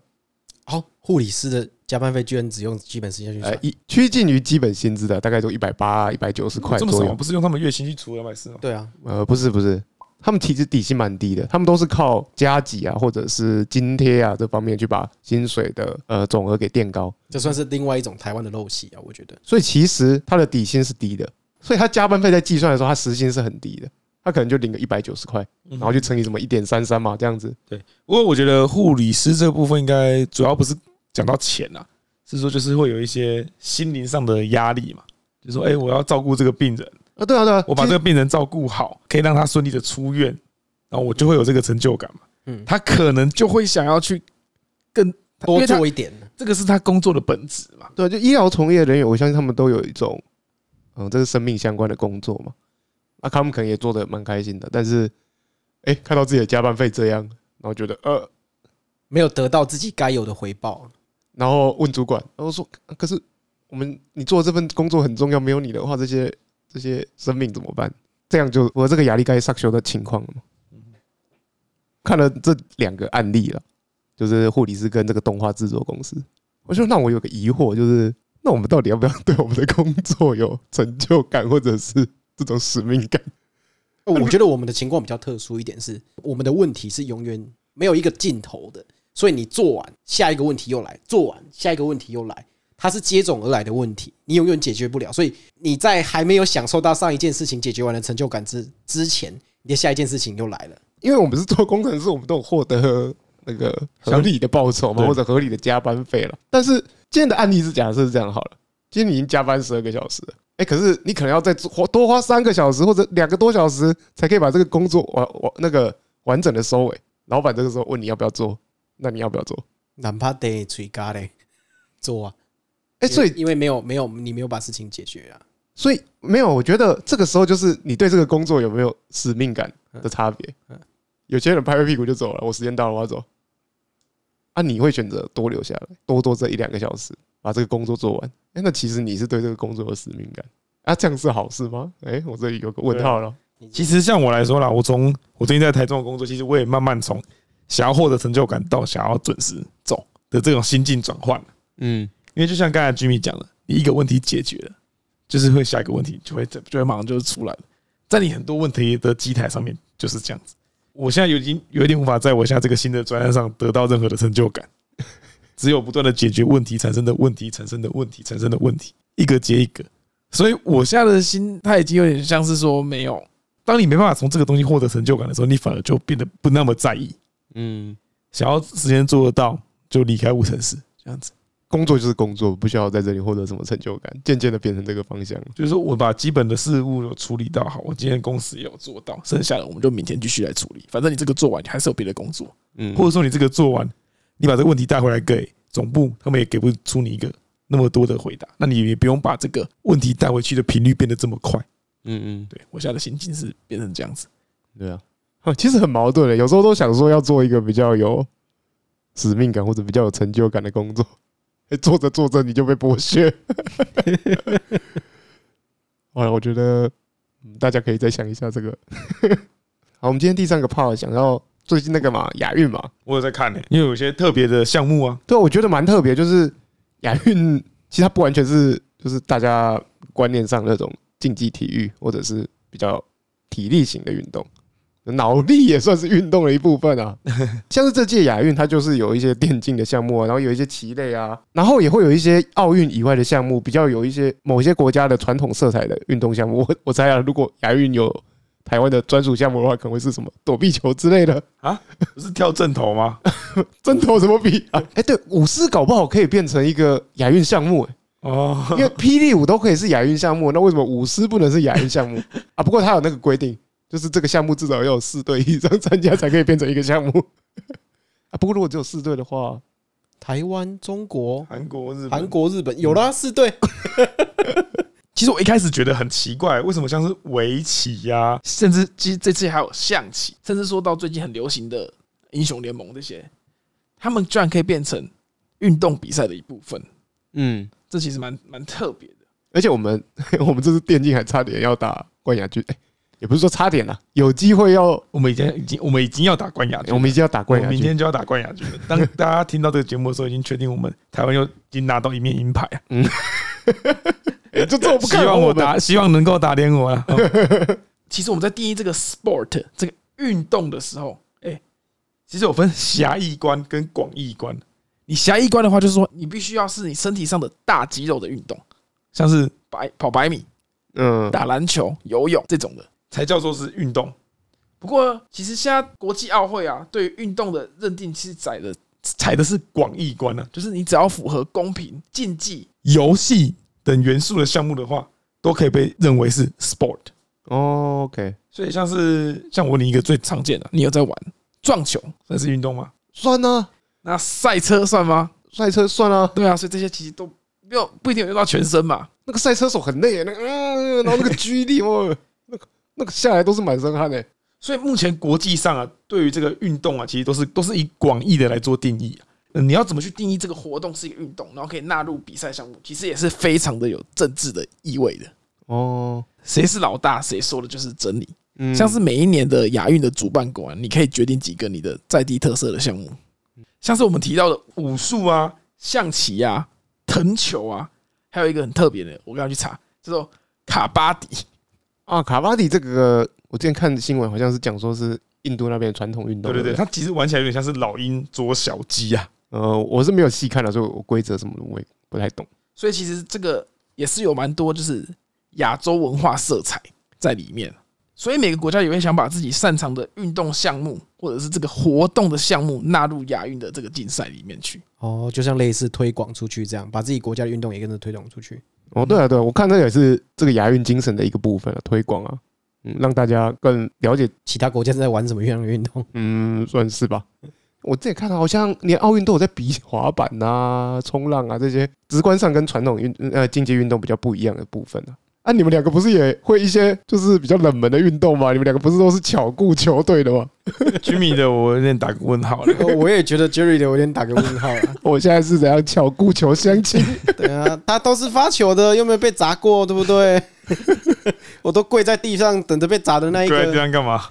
哦。好，護理師的加班費居然只用基本時薪下去算、呃，哎，趨近於基本薪資的，大概都一百八、一百九十塊左右、哦這麼，不是用他們月薪去除兩百四嗎？對啊，呃，不是，不是。他們其實底薪蠻低的，他們都是靠加給啊，或者是津貼啊這方面去把薪水的呃總額給墊高，這算是另外一種台灣的陋習啊，我覺得。所以其實他的底薪是低的，所以他加班費在計算的時候，他時薪是很低的，他可能就領個一百九十塊，然後就乘以什麼一點三三嘛，這樣子。對。不過我覺得護理師這個部分應該主要不是講到錢啊，是說就是會有一些心靈上的壓力嘛，就是說哎、欸，我要照顧這個病人。啊，對啊，對啊，我把這個病人照顧好，可以讓他順利的出院，然後我就會有這個成就感嘛。嗯，他可能就會想要去更多做一點，這個是他工作的本質嘛。對啊，就醫療從業人員，我相信他們都有一種，嗯，這是生命相關的工作嘛。啊，他們可能也做的蠻開心的，但是，哎，看到自己的加班費這樣，然後覺得呃，沒有得到自己該有的回報，然後問主管，然後說，可是我們你做這份工作很重要，沒有你的話，這些。這些生命怎麼辦？這樣就我這個壓力開始上修的情況了嗎？看了這兩個案例了，就是護理師跟這個動畫製作公司，我說，那我有個疑惑，就是那我們到底要不要對我們的工作有成就感，或者是這種使命感？我覺得我們的情況比較特殊一點是，是我們的問題是永遠沒有一個盡頭的，所以你做完下一個問題又來，做完下一個問題又來。它是接踵而來的問題，你永遠解決不了。所以你在還沒有享受到上一件事情解決完的成就感之之前，你的下一件事情又來了。因為我們是做工程師，我們都有獲得那個合理的報酬嘛，或者合理的加班費了。但是今天的案例是假設是這樣好了，今天你已經加班十二個小時了，欸，可是你可能要再花多花三個小時或者兩個多小時，才可以把這個工作完完那個完整的收尾。老闆這個時候問你要不要做，那你要不要做？哪怕得吹咖嘞，做啊！欸、所以因為沒有沒有你沒有把事情解決啊，所以沒有。我覺得這個時候就是你對這個工作有沒有使命感的差別。有些人拍拍屁股就走了，我時間到了，我要走。啊，你會選擇多留下來，多做這一兩個小時，把這個工作做完，欸。那其實你是對這個工作有使命感啊，這樣是好事嗎？哎，我這裡有個問號了。啊、其實像我來說啦，我從我最近在台中的工作，其實我也慢慢從想要獲得成就感到想要準時走的這種心境轉換。嗯。因為就像剛才 Jimmy 講了，你一個問題解決了，就是會下一個問題就會就會馬上就出來了，在你很多問題的基台上面就是這樣子。我現在有已經有一點無法在我現在這個新的專案上得到任何的成就感，只有不斷的解決問題產生的問題產生的問題產生的問題一個接一個，所以我現在的心態已經有點像是說沒有、嗯。當你沒辦法從這個東西獲得成就感的時候，你反而就變得不那麼在意。嗯，想要時間做得到，就離開五城市這樣子。工作就是工作，不需要在這裡獲得什麼成就感。漸漸的變成這個方向，就是說我把基本的事物處理到好，我今天的公司也有做到，剩下的我們就明天繼續來處理。反正你這個做完，你還是有別的工作，嗯，或者說你這個做完，你把這個問題帶回來給總部，他們也給不出你一個那麼多的回答，那你也不用把這個問題帶回去的頻率變得這麼快。嗯嗯，對我現在的心情是變成這樣子。對啊，啊，其實很矛盾的欸，有時候都想說要做一個比較有使命感或者比較有成就感的工作。哎，做着做着你就被剝削，哎，我覺得，大家可以再想一下這個。 好，我們今天第三個 part 想到最近那個嘛，亞運嘛，我有在看呢、欸，因為有些特別的項目啊，對，我覺得蠻特別，就是亞運，其實它不完全是就是大家觀念上那種競技體育或者是比較體力型的運動。腦力也算是運動的一部分啊，像是這屆亞運，它就是有一些電競的項目啊，然後有一些棋類啊，然後也會有一些奧運以外的項目，比較有一些某些國家的傳統色彩的運動項目我，我我猜啊，如果亞運有台灣的專屬項目的話，可能會是什麼躲避球之類的啊？是跳陣頭嗎？陣 頭怎麼比啊？哎、欸，對，舞獅搞不好可以變成一個亞運項目哦、欸，因為霹靂舞都可以是亞運項目，那為什麼舞獅不能是亞運項目啊？不過它有那個規定。就是這個項目至少要有四隊以上參加，才可以變成一個項目 啊。不過如果只有四隊的話，台灣、中國、韓國、日本，韓國、日本、嗯、有啦，四隊。其實我一開始覺得很奇怪，為什麼像是圍棋呀、啊，甚至其實這次還有象棋，甚至說到最近很流行的英雄聯盟這些，他們居然可以變成運動比賽的一部分。嗯，這其實蠻蠻特別的。而且我們我們這次電競還差點要打冠亞軍。欸也不是說差點了、啊，有機會要我們已經已經我們已經要打冠亞軍，我們已經要打冠亞軍，明天就要打冠亞軍。當大家聽到這個節目的時候，已經確定我們台灣又已經拿到一面銀牌嗯。啊！就做不希望我打，希望能夠打連我啊。其實我們在定義這個 sport 這個運動的時候，哎，其實有分狹義觀跟廣義觀。你狹義觀的話，就是說你必須要是你身體上的大肌肉的運動，像是百、嗯、跑百米、嗯，打籃球、游泳這種的。才叫做是運動。不過，其實現在國際奧會啊，對於運動的認定其實踩的，踩的是廣義觀呢，就是你只要符合公平、競技、遊戲等元素的項目的話，都可以被認為是 sport。OK，所以像是像我問你一個最常見的，你有在玩撞球，算是運動嗎？算呢、啊。那賽車算嗎？賽車算啊。對啊，所以這些其實都沒有不一定有用到全身嘛。那個賽車手很累，那個嗯，然後那個 G 力那個下來都是蠻震撼的，欸，所以目前國際上啊，對於這個運動啊,其實都是都是以廣義的來做定義啊,你要怎麼去定義這個活動是一個運動，然後可以納入比賽項目，其實也是非常的有政治的意味的哦。誰是老大，誰說的就是真理。像是每一年的亞運的主辦國啊，你可以決定幾個你的在地特色的項目，像是我們提到的武術啊、象棋啊、藤球啊，還有一個很特別的，我剛剛去查，叫做卡巴迪。啊，卡巴迪這個，我之前看新聞好像是講說是印度那邊的傳統運動。對對對，它其實玩起來有點像是老鷹捉小雞啊。呃，我是沒有細看的，所以我規則什麼的我也不太懂。所以其實這個也是有蠻多就是亞洲文化色彩在裡面。所以每個國家也會想把自己擅長的運動項目，或者是這個活動的項目納入亞運的這個競賽裡面去。哦，就像類似推廣出去這樣，把自己國家的運動也跟着推廣出去。哦、oh，對啊，對啊，我看這也是這個亞運精神的一個部分啊，推廣啊，嗯，讓大家更了解其他國家是在玩什麼樣的運動運動，嗯，算是吧。我自己看好像連奧運都有在比滑板啊、衝浪啊這些直觀上跟傳統運呃競技運動比較不一樣的部分的、啊。那、啊、你們兩個不是也會一些就是比較冷門的運動嗎？你們兩個不是都是巧固球隊的嗎？Jimmy 的我有點打個問號了。 我也覺得 Jerry 的我有點打個問號啊 我現在是怎樣，巧固球相親？對啊，他都是發球的，又沒有被砸過，對不對？ 我都跪在地上等着被砸的那一個。跪在地上幹嘛？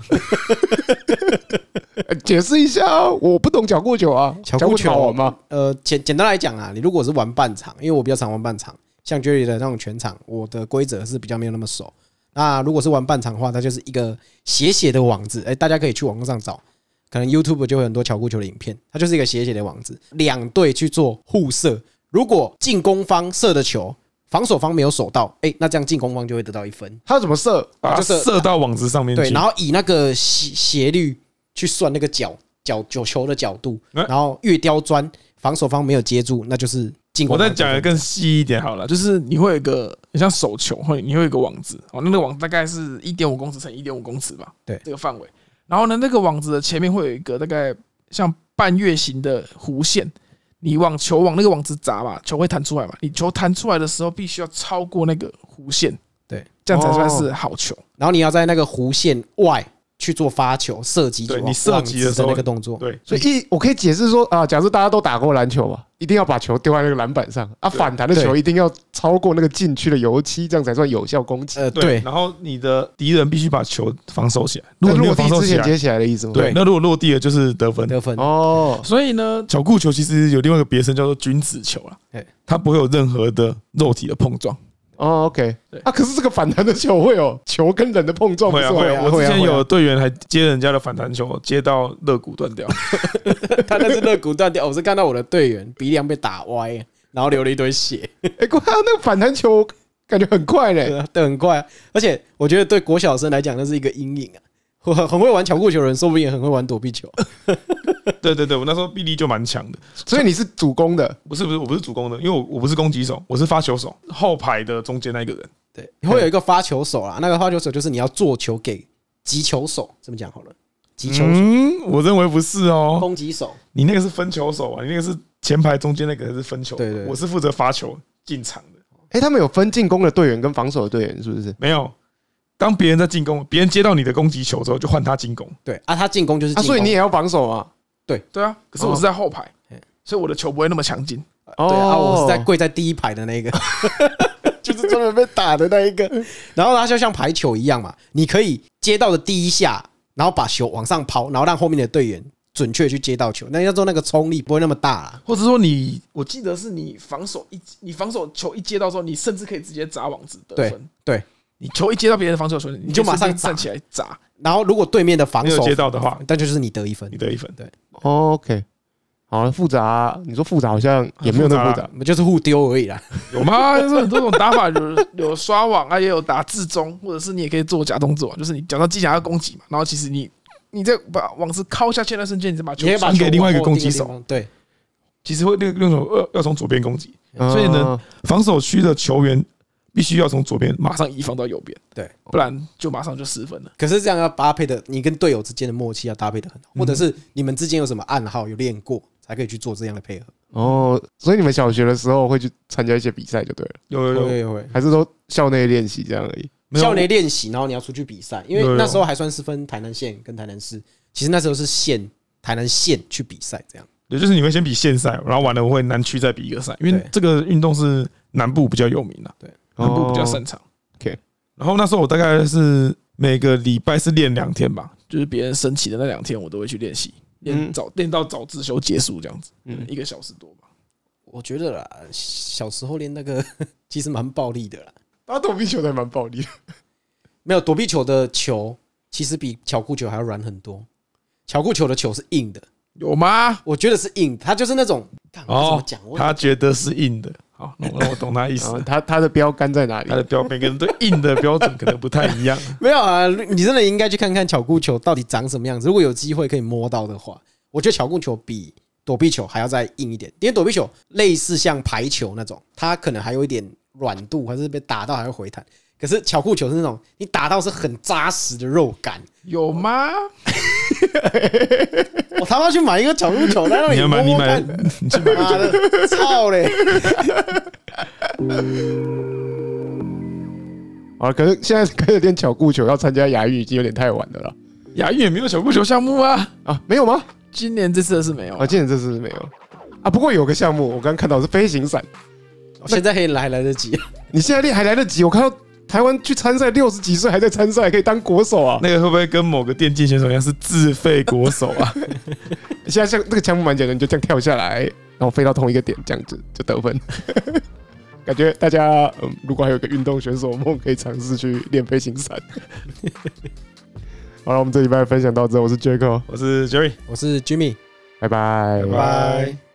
解釋一下、哦，我不懂巧固球啊，巧固球，巧固球好玩嗎？呃，簡簡單來講啊，你如果是玩半場，因為我比較常玩半場。像 Jerry 的那種全場，我的規則是比較沒有那麼熟。那如果是玩半場的話，它就是一個斜斜的網子。哎，大家可以去網絡上找，可能 YouTube 就會很多巧固球的影片。它就是一個斜斜的網子，兩隊去做互射。如果進攻方射的球，防守方沒有守到，哎，那這樣進攻方就會得到一分。它怎麼射、啊？就是射到網子上面去。對，然後以那個斜斜率去算那個角角球球的角度，然後越刁鑽，防守方沒有接住，那就是。我再講的更細一點好了，就是你會有一個，你像手球會，你會有一個網子哦，那個網子大概是一點五公尺乘一點五公尺吧，對，這個範圍。然後呢，那個網子的前面會有一個大概像半月形的弧線，你往球往那個網子砸嘛，球會彈出來嘛，你球彈出來的時候必須要超過那個弧線，對，這樣才算是好球哦。然後你要在那個弧線外去做發球、射擊，對你射擊的時候那個動作，對，所以我可以解釋說啊，假如大家都打過籃球嘛，一定要把球丟在那個籃板上啊，反彈的球一定要超過那個禁區的油漆，這樣才算有效攻擊。呃，對，然後你的敵人必須把球防守起來，如果落地之前接起來的意思對，那如果落地了就是得分，得分哦。所以呢，巧固球其實有另外一個別稱叫做君子球了，對，它不會有任何的肉體的碰撞。哦、oh，OK，啊，可是這個反彈的球會有球跟人的碰撞。會啊，啊，啊我之前有隊員還接人家的反彈球，接到肋骨斷掉。 他那是肋骨斷掉，我是看到我的隊員鼻樑被打歪，然後流了一堆血。哎、 欸，哇、啊，那個反彈球感覺很快嘞、啊，對，很快，啊。而且我覺得對國小生來講，那是一個陰影啊。很很會玩巧固球的人，說不定也很會玩躲避球 對對對，我那時候臂力就蠻強的，所以你是主攻的，不是不是，我不是主攻的，因為我我不是攻擊手，我是發球手，後排的中間那一個人。對，你會有一個發球手啊，那個發球手就是你要做球給擊球手，這麼講好了？擊球手，嗯，我認為不是哦，攻擊手，你那個是分球手啊，你那個是前排中間那個是分球，對。我是負責發球進場的。哎，他們有分進攻的隊員跟防守的隊員是不是？沒有。當別人在進攻，別人接到你的攻擊球之後，就換他進攻。對啊，他進攻就是進攻，啊、所以你也要防守啊。對，對啊。可是我是在後排，所以我的球不會那麼強勁。對，啊，啊，我是在跪在第一排的那個、哦， 就是專門被打的那一個。然後他就像排球一樣嘛，你可以接到的第一下，然後把球往上拋，然後讓後面的隊員準確去接到球。那要做那個衝力不會那麼大了，或者說你，我記得是你防守一，你防守球一接到之後，你甚至可以直接砸網子得分。對，對。你球一接到別人的防守的時候，你就馬上站起來砸。然後如果對面的防守沒有接到的話，那就是你得一分。你得一分，對。OK，好了複雜啊。你說複雜，好像也沒有那麼複雜，就是互丟而已啦。有嗎？就是很多種打法，有有刷網啊，也有打字中，或者是你也可以做假動作，就是你講到技巧要攻擊嘛。然後其實你，你在把網子靠下去那瞬間，你再把球傳給另外一個攻擊手。對，其實會用另種要從左邊攻擊。所以呢，防守區的球員必須要從左邊馬上移防到右邊，對，不然就馬上就失分了。可是這樣要搭配的，你跟隊友之間的默契要搭配得很好，或者是你們之間有什麼暗號，有練過才可以去做這樣的配合。哦，所以你們小學的時候會去參加一些比賽就對了？有有有有還是說校內練習這樣而已。校內練習，然後你要出去比賽，因為那時候還算是分台南縣跟台南市。其實那時候是縣，台南縣去比賽這樣。對，就是你們先比縣賽，然後完了我會南區再比一個賽，因為這個運動是南部比較有名的。對。比較擅長。oh,，K、okay,。然後那時候我大概是每個禮拜是練兩天吧，就是別人升旗的那兩天，我都會去練習，練早練到早自修結束這樣子，嗯，一個小時多吧。我覺得啦，小時候練那個其實蠻暴力的啦，打躲避球還蠻暴力。的，沒有躲避球的球其實比巧固球還要軟很多，巧固球的球是硬的，有嗎？我覺得是硬，它就是那種哦，他覺得是硬的。好、哦，那我懂他意思。他 他的標杆在哪裡？他的標，每個人對硬的標準可能不太一樣，啊。 沒有啊，你真的應該去看看巧固球到底長什麼樣子。如果有機會可以摸到的話，我覺得巧固球比躲避球還要再硬一點。因為躲避球類似像排球那種，它可能還有一點軟度，還是被打到還會回彈。可是巧固球是那種你打到是很扎實的肉感，有嗎？ 我他媽去買一個巧固球來讓你買你買你去他媽的操 臭嘞！啊，可是現在開始練巧固球要參加亞運已經有點太晚的了。亞運也沒有巧固球項目啊？啊，沒有嗎？今年這次是沒有啊，啊？今年這次是沒有啊，啊？不過有個項目，我剛剛看到是飛行傘。現在可以來來得及？你現在練還來得及？我看到。台灣去參賽，六十幾歲還在參賽，可以當國手啊！那個會不會跟某個電競選手一樣，是自費國手啊？ 現在像像這個槍步板，講你就這樣跳下來，然後飛到同一個點，這樣子就,就得分。 感覺大家，嗯、如果還有個運動選手夢，我們可,可以嘗試去練飛行傘。 好了，我們這禮拜分享到這，我是 Jaco，我是 Jerry，我是 Jimmy，拜拜，拜拜,拜。